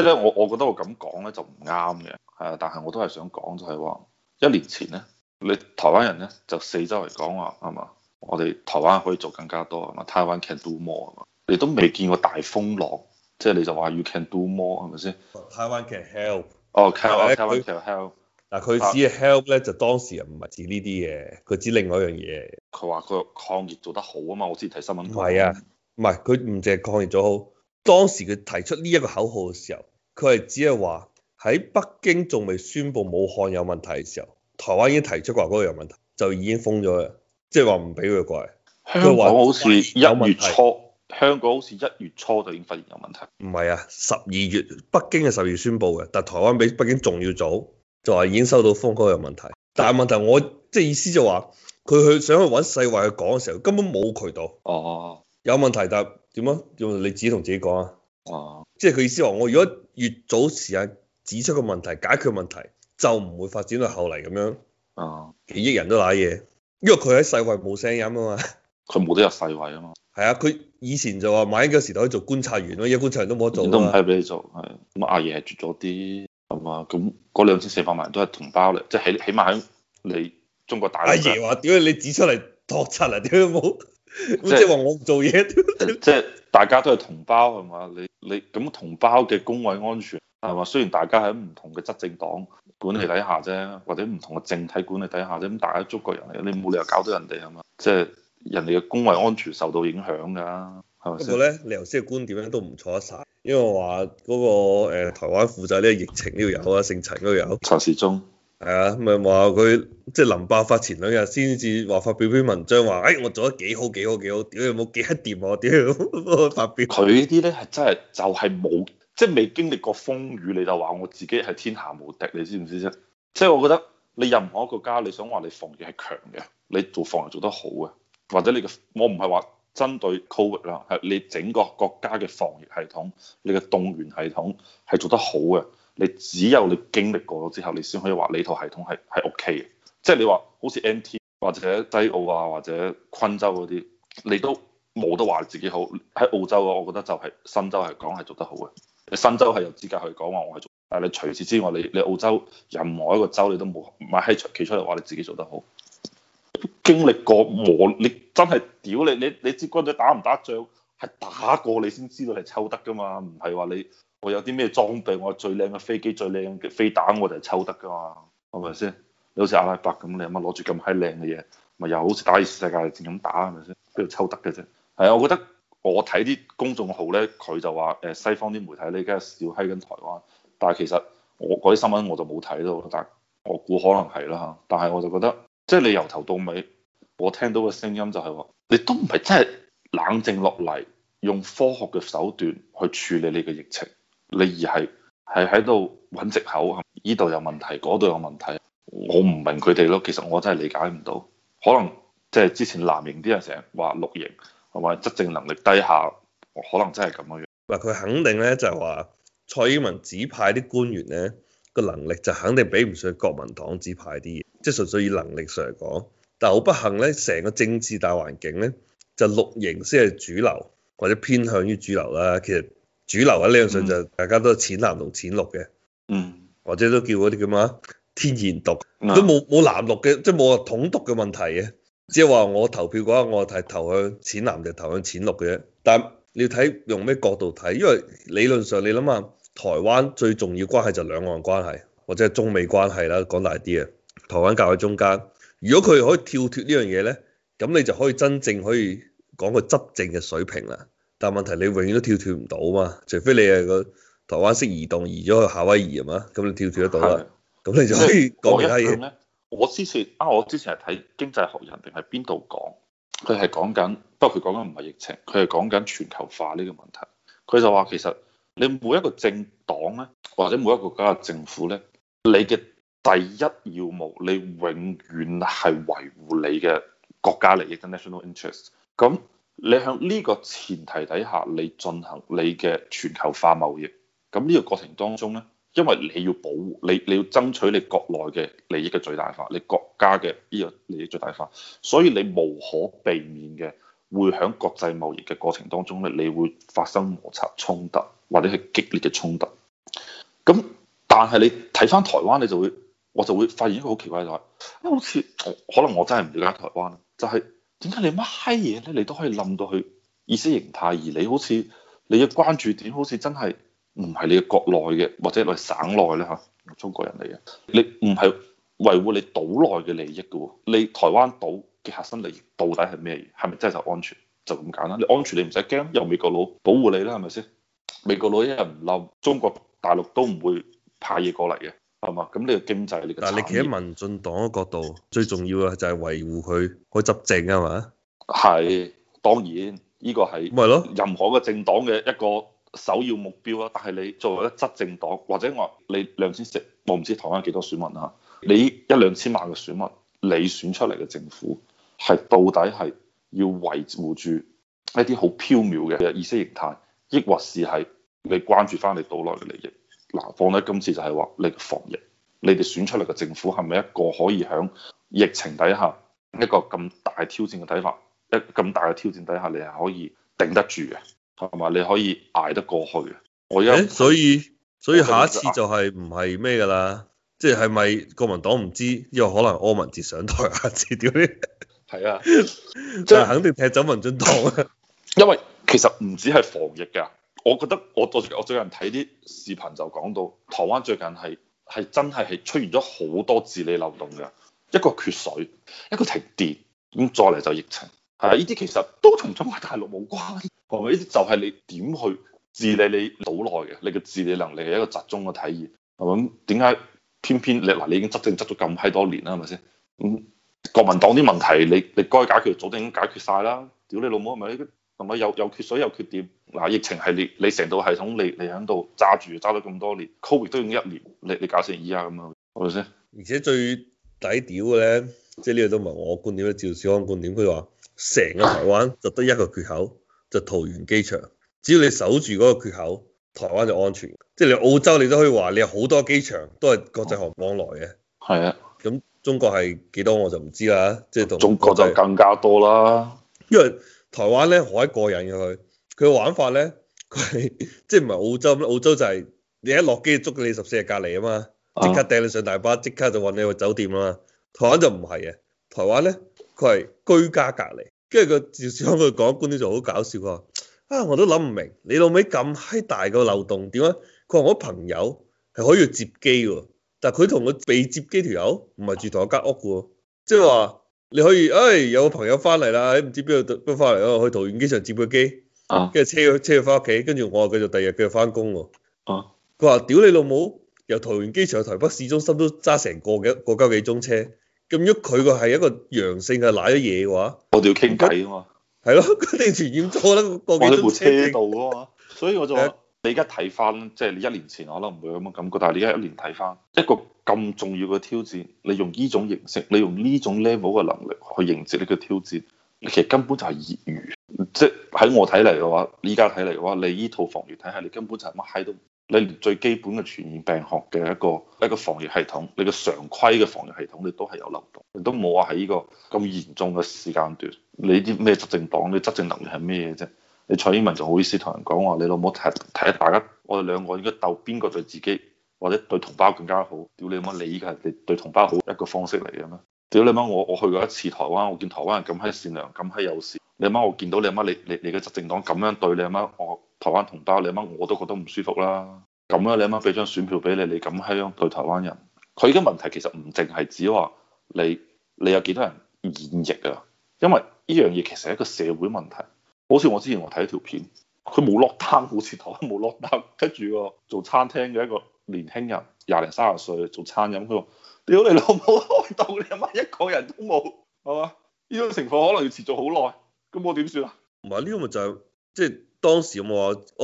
即係咧，我我覺得我咁講咧就唔啱嘅，係啊，但係我都係想講就係話，一年前咧，你台灣人咧就四周圍講話係嘛，我哋台灣可以做更加多係嘛，台灣 can do more，你都未見過大風浪，即係你就話、是、you can do more，係咪先？台灣 can help，哦，台灣。哦 help，can help。嗱佢只係 help 咧，就當時又唔係指呢啲嘢，佢指另外一樣嘢。佢話佢抗疫做得好啊嘛，我之前睇新聞講。係啊，唔係佢唔淨係抗疫做好。當時佢提出呢一個口號嘅時候，佢係只係話喺北京仲未宣布武漢有問題嘅時候，台灣已經提出話嗰個有問題，就已經封咗嘅，即係話唔俾佢過嚟。香港好似一月，月初，香港好似一月初就已經發現有問題。唔係啊，十二月北京係十二月宣布嘅，但台灣比北京仲要早，就話已經收到封嗰個有問題。但係問題我即係、就是、意思就話，佢去想去揾世衛去講嘅時候，根本冇渠道。哦、啊，有問題但。點啊？用你自己同自己講啊！哦，即係佢意思話，我如果越早時間指出個問題，解決問題，就唔會發展到後嚟咁樣。哦、啊，幾億人都瀨嘢，因為佢喺世衛冇聲音啊嘛。佢冇得入世衛啊嘛。係啊，佢以前就話馬英九時代可以做觀察員咯，而家觀察員都冇得做。都唔派俾你做，係咁阿爺係絕咗啲係嘛？咁嗰兩千四百萬都係同胞嚟，即係起起碼喺你中國大。阿爺話，屌解你指出嚟托柒嚟，點解冇？即係話我唔做嘢，即係大家都係同胞係嘛？你你咁同胞嘅公衛安全係嘛？雖然大家喺唔同嘅執政黨管理底下啫，或者唔同嘅政體管理底下啫，咁大家中國人嚟，你冇理由搞到人哋係嘛？即係、就是、人哋嘅公衛安全受到影響㗎，係咪先？不過咧，你頭先嘅觀點咧都唔錯得晒，因為話嗰、那個、呃、台灣負責呢個疫情呢度有啊，姓陳都有陳時中。係啊，咪話佢即係臨爆發前兩日先至話發表篇文章，話、哎、誒我做得幾好幾好幾好，屌又冇幾掂喎，屌我發表。佢呢啲咧係真係就係冇，即係未經歷過風雨你就話我自己係天下無敵，你知唔知啫？即係我覺得你任何一個家，你想話你防疫係強嘅，你做防疫做得好嘅，或者你嘅我唔係話針對 COVID 啦，係你整個國家嘅防疫系統，你嘅動員系統係做得好嘅。你只有你經歷過咗之後，你先可以話你套系統係係 O K 嘅。即係你話好似 NT 或者西澳啊，或者昆州嗰啲，你都冇得話自己好。喺澳洲嘅，我覺得就係、係、新州係講係做得好嘅。新州係有資格去講話我係做。但係你除此之外，你你澳洲任何一個州你都冇，唔係喺企出嚟話你自己做得好。經歷過冇？你真係屌你你你支軍隊打唔打仗，係打過你先知道係抽得噶嘛，唔係話你。我有啲咩裝備，我最靚嘅飛機、最靚嘅飛彈，我就係抽得噶嘛，係咪先？你好似阿拉伯咁，你咁啊，攞住咁閪靚嘅嘢，咪又好似打《異世界》淨咁打，係咪先？邊度抽得嘅啫？係啊，我覺得我睇啲公眾號咧，佢就話誒，西方啲媒體咧而家笑閪緊台灣，但係其實我嗰啲新聞我就冇睇到，但係我估可能係啦吓。但係我就覺得，即係你由頭到尾，我聽到嘅聲音就係話你都唔係真係冷靜落嚟，用科學嘅手段去處理你嘅疫情。你而係係喺度揾藉口，呢度有問題，嗰度有問題，我唔明佢哋咯。其實我真係理解唔到，可能即係之前藍營啲人成日話綠營，或執政能力低下，可能真係咁樣樣。嗱，佢肯定咧就係話蔡英文指派啲官員咧個能力就肯定比唔上國民黨指派啲嘢，即係純粹以能力上嚟講。但好不幸咧，成個政治大環境咧就綠營先係主流或者偏向於主流啦。其實。主流喺呢樣上就大家都係淺藍同淺綠嘅，嗯，或者都叫嗰啲叫咩啊？天然獨，都冇冇藍綠嘅，即係冇統獨嘅問題嘅，即係話我投票嘅話，我係投向淺藍就投向淺綠嘅啫。但你要睇用咩角度睇，因為理論上你諗下，台灣最重要關係就兩岸關係或者係中美關係啦，講大啲啊，台灣夾喺中間，如果佢可以跳脱呢樣嘢咧，咁你就可以真正可以講個執政嘅水平啦。但問題你永遠都跳脫唔到嘛，除非你係個台灣式移動移咗去夏威夷係嘛，咁你跳脫得到啦，咁的你就可以講其他嘢。我之前啊，我之前係睇經濟學人定係邊度講，佢係講緊，不過佢講緊唔係疫情，佢係講緊全球化呢個問題。佢就話其實你每一個政黨咧，或者每一個國家嘅政府咧，你嘅第一要務，你永遠係維護你嘅國家利益 national interest。咁你喺呢個前提底下，你進行你嘅全球化貿易，咁呢個過程當中呢，因為你要保護你，你要爭取你國內嘅利益嘅最大化，你國家嘅呢個利益最大化，所以你無可避免嘅會喺國際貿易嘅過程當中呢，你會發生摩擦衝突，或者係激烈嘅衝突。咁但係你睇翻台灣，你就會我就會發現一個好奇怪嘅嘢，就係，好似可能我真係唔了解台灣，就係、係。點解你乜閪嘢咧？你都可以冧到佢意識形態，而你好似你嘅關注點好似真係唔係你嘅國內嘅，或者你省內省內咧嚇，中國人嚟嘅，你唔係維護你島內嘅利益嘅喎，你台灣島嘅核心利益到底係咩嘢？係咪真係就安全？就咁簡單。你安全你唔使驚，由美國佬保護你啦，係咪先？美國佬一日唔冧，中國大陸都唔會派嘢過嚟嘅。係嘛？咁你個經濟，你個但係你企喺民進黨嘅角度， 最重要嘅就係維護佢可執政啊，嘛是？係吧，當然呢個係咪咯？任何嘅政黨嘅一個首要目標咯。但係你作為一執政黨，或者你2000，我你兩千四，我唔知台灣幾多選民啊？你一兩千萬嘅選民，你選出嚟嘅政府係到底係要維護住一啲好飄渺嘅意識形態，抑或是係你關注翻你島內嘅利益？南方呢今次就係話你防疫，你哋選出嚟嘅政府係咪一個可以喺疫情底下一個咁大挑戰嘅睇法？一咁大嘅挑戰底下，你係可以頂得住嘅，同埋你可以挨得過去嘅。我依、欸、所以所以下一次就係唔係咩噶啦？即係係咪國民黨唔知又可能柯文哲上台啊？切屌你！係啊，即、就、係、是、 肯定踢走民進黨啊！ 因為其實唔止係防疫噶。我覺得我我我最近睇啲視頻就講到台灣最近係係真係係出現咗好多治理漏洞嘅，一個缺水，一個停電，咁再嚟就疫情，係啦，呢啲其實都同中華大陸冇關，係咪？呢啲就係你點去治理你島內嘅，你嘅治理能力係一個集中嘅體現，係咪？咁點解偏偏你嗱你已經執政執咗咁閪多年啦，係咪先？咁、嗯、國民黨啲問題你你該解決嘅早啲已經解決晒啦，屌你老母，係咪？同埋又又缺水又缺電，嗱疫情係你你成套系統你你喺度揸住揸咗咁多年，Covid 都用一年，你你搞成依家咁樣，係咪先？而且最底屌嘅咧，即係呢個都唔係我觀點，趙少康觀點，佢話成個台灣就得一個缺口， 就桃園機場，只要你守住嗰個缺口，台灣就安全。即係你澳洲你都可以話你有好多機場都係國際航港來嘅，係 啊。咁中國係幾多我就唔知啦，即係中國就更加多啦， 因為。台灣咧好過癮嘅佢，佢玩法咧佢即係唔係澳洲，澳洲就係你一落機捉你十四日隔離啊嘛，即刻掟你上大巴，即刻就運你去酒店啦嘛。台灣就唔係嘅。台灣咧佢係居家隔離，跟住佢。至少佢講觀點就好搞笑個，啊我都諗唔明你老味咁閪大個漏洞點解？佢話我朋友係可以接機嘅，但係佢同佢被接機條友唔係住同一間屋嘅，即係話。你可以，哎，有個朋友翻嚟啦，喺唔知邊度都翻嚟啊？去桃園機場接個機，哦，跟住車佢，車佢翻屋企，跟住我啊，繼續第二日佢又翻工喎，佢話屌你老母，由桃園機場去台北市中心都揸成個，個幾個交幾鐘車，咁喐佢個係一個陽性嘅瀨咗嘢嘅話，我哋要傾偈啊嘛，係咯，嗯，佢哋傳染咗得個幾鐘車度啊嘛，所以我就你而家睇翻，即係你一年前，我都唔會有咁嘅感覺。但係你而家一年睇翻一個咁重要嘅挑戰，你用呢種形式，你用呢種 level 嘅能力去迎接呢個挑戰，其實根本就係業餘。即係喺我睇嚟嘅話，依家睇嚟嘅話，你依套防疫體系，你根本就係乜閪都，你連最基本嘅傳染病學嘅一個一個防疫系統，你嘅常規嘅防疫系統，你都係有漏洞，你都冇話喺呢個咁嚴重嘅時間段，你啲咩執政黨，你執政能力係咩啫？你蔡英文就好意思同人講話，你老母睇睇大家，我哋兩個應該鬥邊個對自己或者對同胞更加好？屌你媽，你依家係對同胞好一個方式嚟嘅咩？屌你媽，我我去過一次台灣，我見台灣人咁閪善良，咁閪有事。你媽，我見到你媽，你你你嘅執政黨咁樣對你媽，我台灣同胞，你媽我都覺得唔舒服啦。咁樣，你媽俾張選票俾你，你咁閪樣對台灣人，佢嘅問題其實唔淨係指話你你有幾多人現役啊？因為呢樣嘢其實係一個社會問題。好似我之前我睇咗條片，佢冇落單，好似台灣冇落單，跟住個做餐廳嘅一個年輕人，廿零三十歲做餐飲，佢話：，屌你老母，開檔你阿媽一個人都冇，係嘛？呢種情況可能要持續好耐，咁我點算啊？唔係呢個咪就係、是，即、就、係、是、當時柯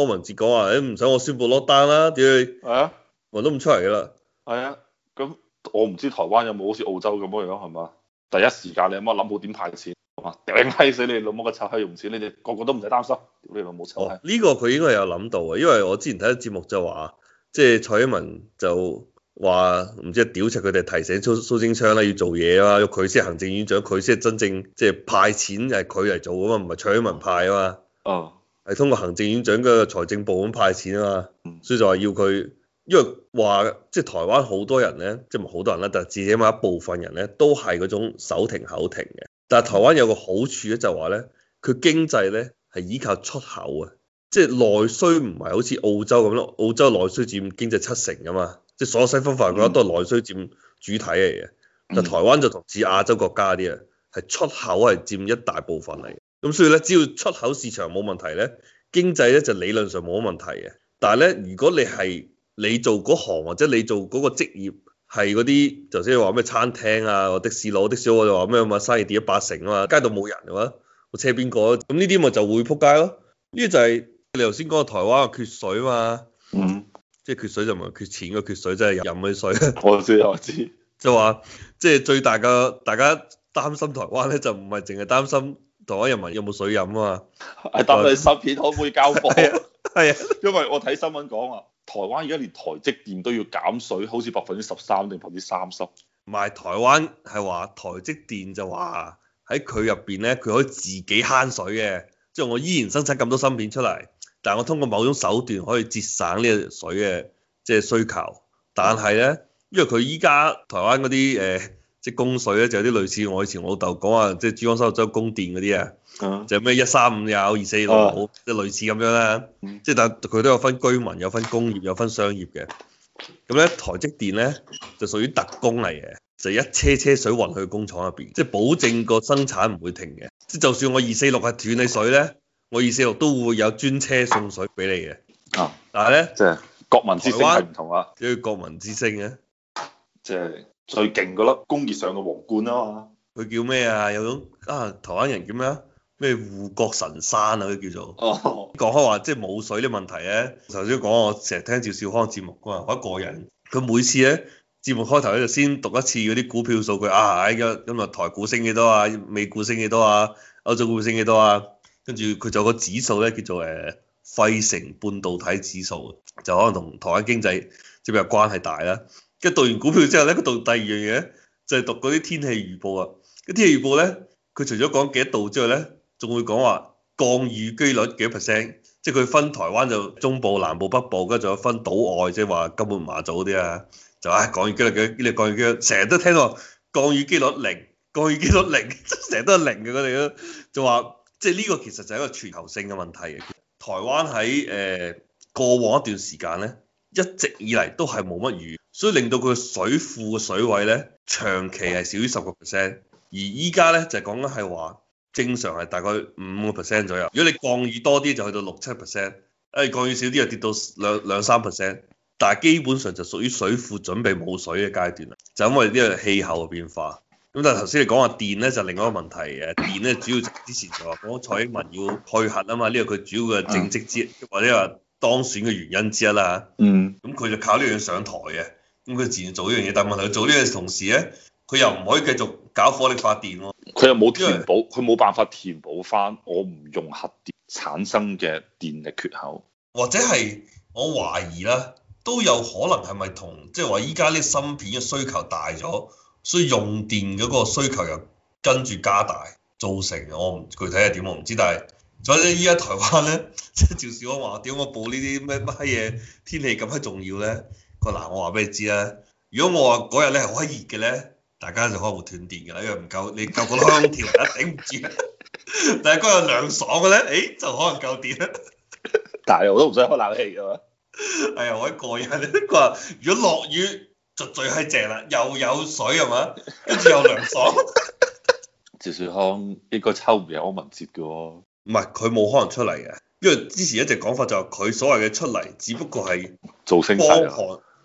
文哲講話，誒唔使我宣布落單啦，屌你，係啊，人都唔出嚟噶啦，係啊，咁我唔知台灣有冇好似澳洲咁樣，係嘛？第一時間你阿媽諗好點派錢。啊！頂死你老母嘅臭閪用唔錢，你哋個個都唔使擔心。你老母臭閪！呢個佢應該有諗到啊，因為我之前睇啲節目就話，即係蔡英文就話唔知屌柒佢哋提醒蘇蘇貞昌啦，要做嘢啊，佢先行政院長，佢先係真正即係派錢係佢嚟做啊嘛，唔係蔡英文派啊嘛。哦。係通過行政院長嘅財政部咁派錢啊嘛。所以就話要佢，因為話即係台灣好多人咧，即係唔係好多人啦，但係至少有一部分人咧都係嗰種手停口停嘅。但係台灣有個好處咧，就話咧，佢經濟咧係依靠出口啊，即係內需唔係好似澳洲咁咯，澳洲內需佔經濟七成噶嘛，即係所有西方發達國家都係內需佔主體嚟嘅，但台灣就同似亞洲國家啲啊，係出口係佔一大部分嚟嘅，咁所以咧，只要出口市場冇問題咧，經濟咧就理論上冇問題嘅。但係咧，如果你係你做嗰行或者你做嗰個職業，係嗰啲頭先你話咩餐廳啊，或的士佬，的士佬就話咩啊嘛，生意跌咗八成啊嘛，街度冇人係嘛，我車邊個？咁呢啲咪就會撲街咯。呢啲就係、係、你頭先講嘅台灣缺水啊嘛，嗯，即係缺水就唔係缺錢，個缺水真係飲唔起水。我知我知，就話即係最大嘅大家擔心台灣咧，就唔係淨係擔心台灣人民有冇水飲啊嘛。係擔心你晶片可唔可以交貨？係啊 因為我睇新聞講啊。台灣而家連台積電都要減水，好似百分之十三定百分之三十。唔係，台灣係話台積電就話喺佢入邊咧，佢可以自己慳水嘅，即係我依然生產咁多芯片出嚟，但係我通過某種手段可以節省呢個水嘅即係需求。但係咧，因為佢依家台灣嗰啲誒。呃即供水咧，就有啲類似我以前老豆講話，即珠江三角洲供電嗰啲啊，嗯、就咩一三五有二四六，即類似咁樣啦。嗯、即但佢都有分居民、有分工業、有分商業嘅。咁、嗯、咧，台積電咧就屬於特供嚟嘅，就一車車水運去工廠入邊，即保證個生產唔會停嘅。即就算我二四六係斷你水咧，我二四六都會有專車送水俾你嘅。哦、啊，但係咧，即國民之星係唔同啊，即係國民之星嘅，即係。最勁嗰粒工業上嘅皇冠啊嘛，佢叫咩啊？有種啊，台灣人叫咩啊？咩護國神山啊，嗰啲叫做。哦、oh.，講開話即係冇水啲問題咧。頭先講我成日聽趙少康節目噶，我一個人佢每次咧節目開頭咧就先讀一次嗰啲股票數據啊，而家今日台股升幾多啊？美股升幾多啊？歐洲股升幾多啊？跟住佢就有個指數咧叫做誒，費城半導體指數，就可能同台灣經濟即係比較關係大啦。即係讀完股票之後咧，佢讀第二樣嘢就係、是、讀嗰啲天氣預報啊！嗰天氣預報咧，佢除咗講幾多度之外咧，仲會講話降雨機率幾多 percent，即係佢分台灣就中部、南部、北部，跟住仲有分島外，即係話金門、馬祖嗰啲啊，就話、哎、降雨機率幾多 p，降雨機率成日都聽到降雨機率零，降雨機率零， 成、那、日、個、都係零嘅佢哋咯，就話即係呢個其實就係一個全球性嘅問題嘅。台灣喺誒、呃、過往一段時間咧，一直以嚟都係冇乜雨。所以令到佢水庫嘅水位咧，長期係少於十個 percent，而依家咧就係、講緊係話正常係大概五個 percent 左右。如果你降雨多啲，就去到六七 percent，誒降雨少啲，就跌到兩兩三 percent。但係基本上就屬於水庫準備冇水嘅階段啦，就因為呢個氣候嘅變化。咁但係頭先你講話電咧，就係、另外一個問題誒，電咧主要就之前就話講蔡英文要廢核啊嘛，呢、呢個佢主要嘅政績之一或者話當選嘅原因之一啦嚇。嗯。咁佢就靠呢樣上台嘅。咁佢自然做呢樣嘢，但係問題佢做呢樣嘢同時咧，佢又唔可以繼續搞火力發電喎、啊，佢又冇填補，佢冇為辦法填補翻我唔用核電產生嘅電力缺口。或者係我懷疑啦，都有可能係咪同即係話依家啲芯片嘅需求大咗，所以用電嗰個需求又跟住加大，造成我具體係點我唔知，但係所以依家台灣咧，即係趙少康話，點解我報呢啲咩乜嘢天氣咁係重要咧？嗱，我話俾你知啦，如果我話嗰日咧係好閪熱嘅咧，大家就可能會斷電嘅啦，因為唔夠你夠嗰啲空調頂唔住。但係嗰日涼爽嘅咧，誒、欸、就可能夠電啦。 但係我都唔想開冷氣嘅嘛。係啊、哎，我一個人。佢話：如果落雨，就最係正啦，又有水係嘛，跟住又涼爽。趙少康呢個抽唔入安民節嘅喎、哦。唔係，佢冇可能出嚟嘅，因為之前一直講法就係、是、佢所謂嘅出嚟，只不過係造星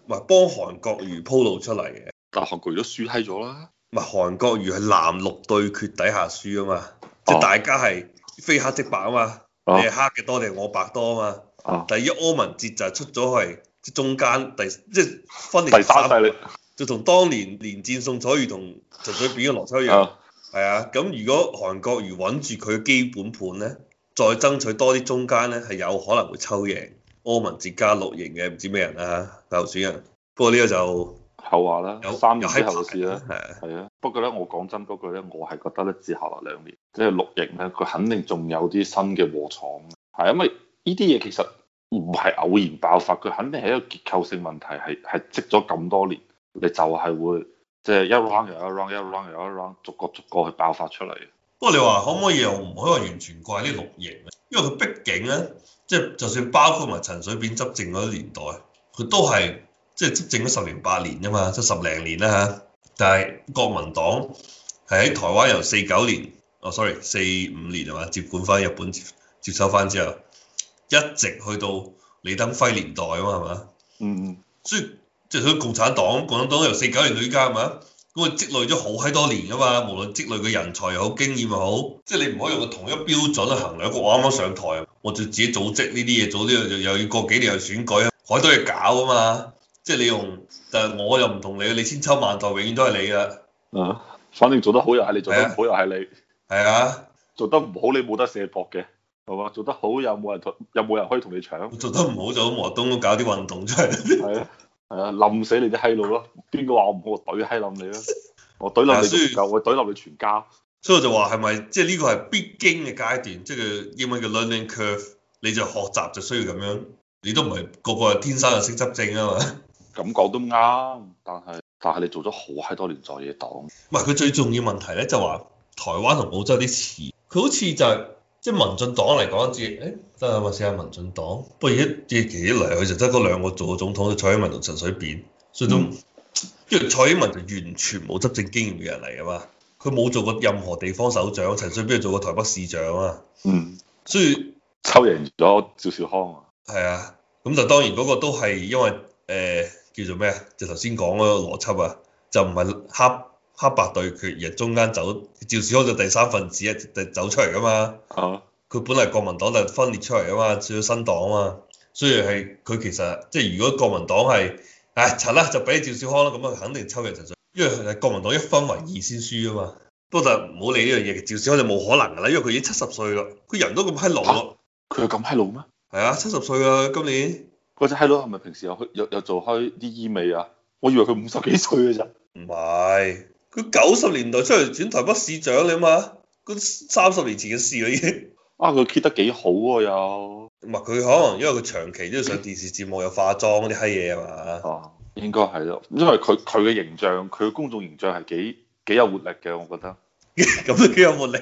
唔係幫韓國瑜鋪路出嚟嘅，但韓國瑜都輸閪咗啦。唔係韓國瑜係藍綠對決底下輸啊嘛，即係大家係非黑即白啊嘛，你係黑嘅多，定係我白多啊嘛。第一柯文哲就出咗即中間第，第，即係分裂第三就同當年連戰宋楚瑜同陳水扁嘅羅秋陽係啊。咁如果韓國瑜穩住佢基本盤咧，再爭取多啲中間咧，係有可能會抽贏。柯文哲加綠營嘅唔知咩人啊，投選人。不過呢個就後話啦，有三年之後事啦，係啊，不過咧我講真嗰句咧，我係覺得咧，接下來兩年即係、就是、綠營咧，佢肯定仲有啲新嘅卧牀，係因為呢啲嘢其實唔係偶然爆發，佢肯定係一個結構性問題，係係積咗咁多年，你就係會即係、就是、一 round 又一 round，一 round 又一 round，逐個逐個去爆發出嚟。不過你話可唔可以又唔可以話完全怪啲綠營咧？因為佢畢竟咧。即係就算包括埋陳水扁執政嗰啲年代，佢都係即係執政咗十年八年啫嘛，即係十零年啦嚇。但係國民黨係喺台灣由四九年，哦，sorry，四五年係嘛，接管翻日本接，接收翻之後，一直去到李登輝年代啊嘛，係嘛？嗯嗯。所以即係佢共產黨，共產黨由四九年到依家係嘛？咁佢積累咗好閪多年噶嘛，無論積累嘅人才又好，經驗又好，即係你唔可以用個同一標準衡量一個我啱啱上台。我就自己組織呢啲嘢，做呢個又要過幾年又選舉，海都係搞啊嘛！即係你用，但係我又唔同你，你千秋萬代永遠都係你啦。嗯，反正做得好又係你，做得好又係你。係啊，做得唔好你冇得卸膊嘅，係嘛？做得好又冇人同，有冇人，人可以同你搶？做得唔好就咁和東都搞啲運動出嚟。係啊，係啊，冧死你啲閪佬咯！邊個話我唔好？我懟閪冧你咯！我懟冧你唔夠，我懟冧你全家。所以我就話係咪即係呢個係必經嘅階段，即係英文嘅 learning curve，你就學習就需要咁樣，你都唔係個個係天生就識執政啊嘛。咁講都啱，但係，但係你做咗好閪多年在野黨。唔係佢最重要問題咧，就話台灣同澳洲啲詞，佢好似就係即係民進黨嚟講，一係誒，得啦，我試下民進黨。不過而家越嚟嚟，佢就得嗰兩個做個總統，蔡英文同陳水扁，所以終、嗯、因為蔡英文就完全冇執政經驗嘅人嚟啊嘛。佢冇做過任何地方首長，陳水扁又做過台北市長啊。嗯，所以抽贏咗趙少康啊。係啊，咁就當然嗰個都係因為誒、呃、叫做咩啊？就頭先講嗰個邏輯啊，就唔係黑黑白對決，而中間走趙少康就第三份子、就是、啊，走出嚟噶嘛。佢本嚟國民黨就是、分裂出嚟噶嘛，做到新黨啊嘛。所以係佢其實即係、就是、如果國民黨係唉、哎、陳啦、啊，就俾趙少康啦，咁啊肯定抽贏陳水。因為國民黨一分為二先輸啊嘛，不過就唔好理呢樣嘢，趙少康就冇可能噶啦，因為佢已經七十歲啦，佢人都咁閪老咯。佢又咁閪老咩？係啊，七十歲啊，今年。嗰隻閪佬係咪平時有去有有做開啲醫美啊？我以為佢五十幾歲嘅咋？唔係，佢九十年代出嚟選台北市長你嘛，嗰三十年前嘅事啦已經。 啊，佢 keep 得幾好喎，啊，又。唔係，佢，啊，可能因為佢長期都要上電視節目又，嗯，化妝啲閪嘢啊嘛。啊應該係咯，因為佢佢嘅形象，佢嘅公眾形象係幾幾有活力嘅，我覺得。咁都幾有活力。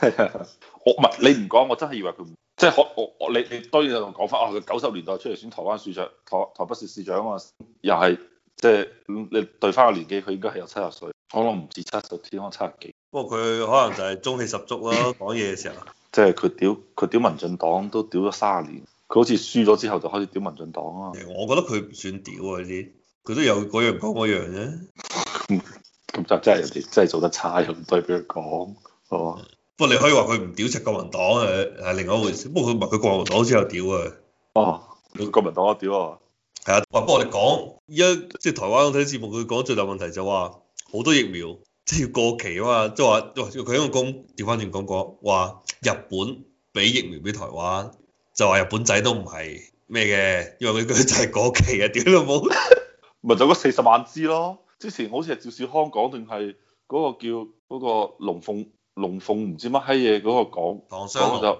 係 我唔係你唔講，我真係以為佢唔即係可我我你你當然又講翻啊，佢九十年代出嚟選台灣市長台台北市市長啊，又係即係你對翻個年紀，佢應該係有七十歲，可能唔止七十，只可能七十幾。不過佢可能就係中氣十足咯，啊， 講嘢嘅時候。即係佢屌佢屌民進黨都屌咗三十年，佢好似輸咗之後就開始屌民進黨啊嘛。 我覺得佢唔算屌啊，呢啲。佢都有嗰樣講嗰樣啫，咁就 真係人哋真係做得差，又唔對，俾佢講係。不過你可以話佢唔屌柒國民黨啊，係另外一回事。不過佢唔係佢國民黨，之後屌啊。哦，國民黨啊屌啊！係啊，不過我哋講依家即係台灣睇節目，佢講最大問題就話好多疫苗即係要過期啊嘛，即係話佢喺度工調翻轉講講話日本俾疫苗俾台灣，就話日本仔都唔係咩嘅，因為佢佢就係過期啊，屌都冇。 咪就嗰四十萬支咯，之前好似係趙少康講定係嗰個叫嗰個龍鳳龍鳳唔知乜閪嘢嗰個講、啊啊，我就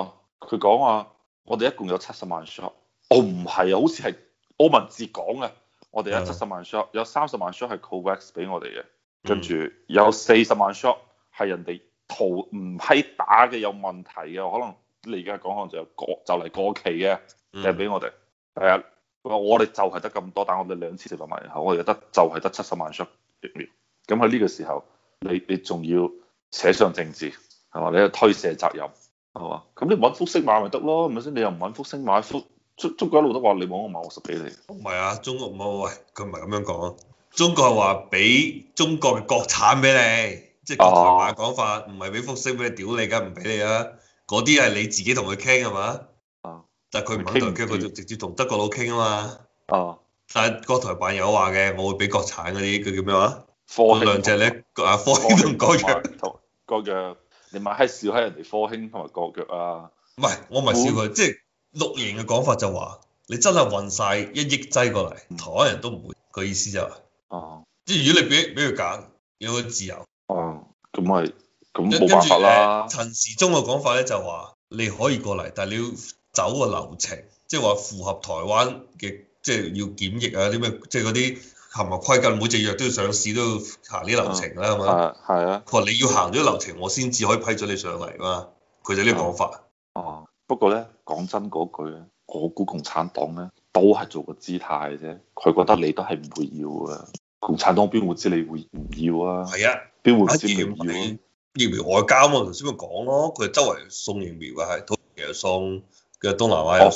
啊，佢講話我哋一共有七十萬 shot 哦，唔係啊，好似係柯文哲講嘅，我哋有七十萬 shot 有三十萬 shot 係 COVAX 俾我哋嘅，跟住有四十萬 shot 係人哋淘唔閪打嘅有問題嘅，可能你而家講可能就有過就嚟過期嘅，借俾、嗯、我哋，係、呃、啊。我哋就係得咁多，但係我哋兩千四百萬人口，我哋得就係得七十萬 shot 疫苗。咁喺呢個時候，你你仲要扯上政治，係嘛？你又推卸責任，係嘛吧？咁你揾福星買咪得咯，係咪先？你又唔揾福星買福中，中國一路都話你冇我買六十俾你，唔係啊，中國冇喂，佢唔係咁樣講，中國係話俾中國嘅國產俾你，即係國台辦講法，唔係俾福星俾你屌你，梗唔俾你啊。嗰啲係你自己同佢傾係嘛？但佢唔肯同佢就直接同德國佬傾啊嘛。哦。啊、但係國台辦有話嘅，我會俾國產嗰啲叫咩話？科興隻咧，阿科興同國藥。國藥。你咪係笑係人哋科興同埋國藥啊？唔係，我唔係笑佢，嗯、即係綠營嘅講法就話，你真係運曬一億劑過嚟，台灣人都唔會。嗯、個意思就是，哦。即係如果你俾俾佢揀，有個自由。哦、啊。咁咪咁冇辦法啦。陳時中嘅講法咧就話，你可以過嚟，但係你要，走個流程，即係話符合台灣嘅，即係要檢疫啊啲咩，即係嗰啲冚唪唥規格，每隻藥都要上市都要行呢流程啦，係咪的？係啊吧。佢話你要行咗流程，我先至可以批准你上嚟嘛。佢就呢個講法。哦，不過咧，講真嗰句咧，我估共產黨咧都係做個姿態啫。佢覺得你都係唔會要啊。共產黨邊會知你會唔要啊？係啊。邊會知你，啊、你疫苗外交啊？頭先咪講咯，佢周圍送疫苗嘅係，通常送，嘅東南亞，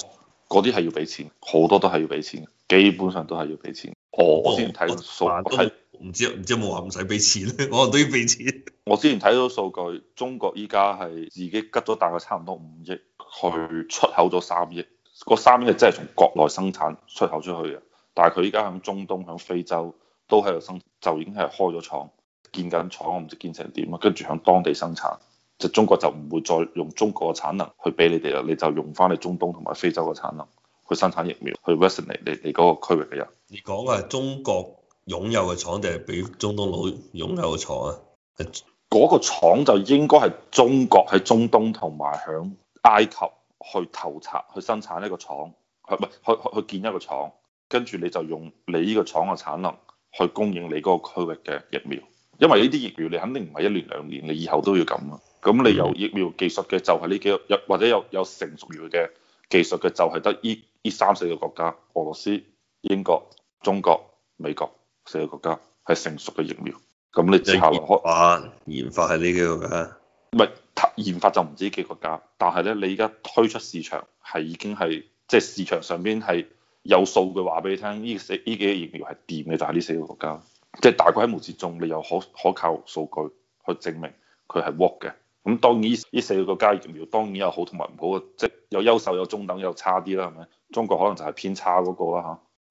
嗰啲係要俾錢，好多都係要俾錢，基本上都係要俾錢。我之前睇數據，唔、哦哦、知唔知，知有冇話唔使俾錢咧，我都要俾錢。哦哦、我之前睇到數據，中國依家係自己拮咗大概差唔多五億，去出口咗三億，個三億真係從國內生產出口出去嘅。但係佢依家響中東、響非洲都喺度生，就已經係開咗廠，建緊廠，我唔知建成點啊。跟住響當地生產。其實中國就唔會再用中國嘅產能去俾你哋啦，你就用翻你中東同埋非洲嘅產能去生產疫苗，去 resonate 你你你嗰個區域嘅人。你講嘅係中國擁有嘅廠定係俾中東佬擁有嘅廠啊？嗰、嗯、個廠就應該係中國喺中東同埋響埃及去投拆去生產一個廠，係唔係去去建一個廠？跟住你就用你呢個廠嘅產能去供應你嗰個區域嘅疫苗，因為呢啲疫苗你肯定唔係一年兩年，你以後都要咁啊。咁你有疫苗技術嘅就係呢幾個，有或者有有成熟嘅技術嘅就係得呢呢三四個國家：俄羅斯、英國、中國、美國四個國家係成熟嘅疫苗。咁你之後開研發係呢幾個國家，唔係研發就唔止呢幾個國家，但係咧你而家推出市場係已經係即係市場上邊係有數據話俾你聽，呢四呢幾個疫苗係掂嘅就係呢四個國家，即係大規模接種，你有可可靠數據去證明佢係 work 嘅。咁當然呢四個國家疫苗當然好有好同埋唔好嘅，即係有優秀有中等有差啲啦，係咪？中國可能就係偏差嗰，那個啦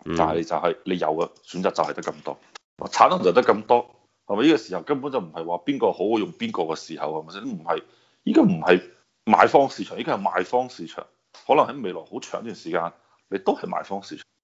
嚇，但係、mm. 就係、是就是、你有嘅選擇就係得咁多，產能就得咁多，係咪？呢，這個時候根本就唔係話邊個好我用邊個嘅時候係咪先？唔係，依家唔係買方市場，依家係賣方市場，可能喺未來好長一段時間，你都係賣方市場。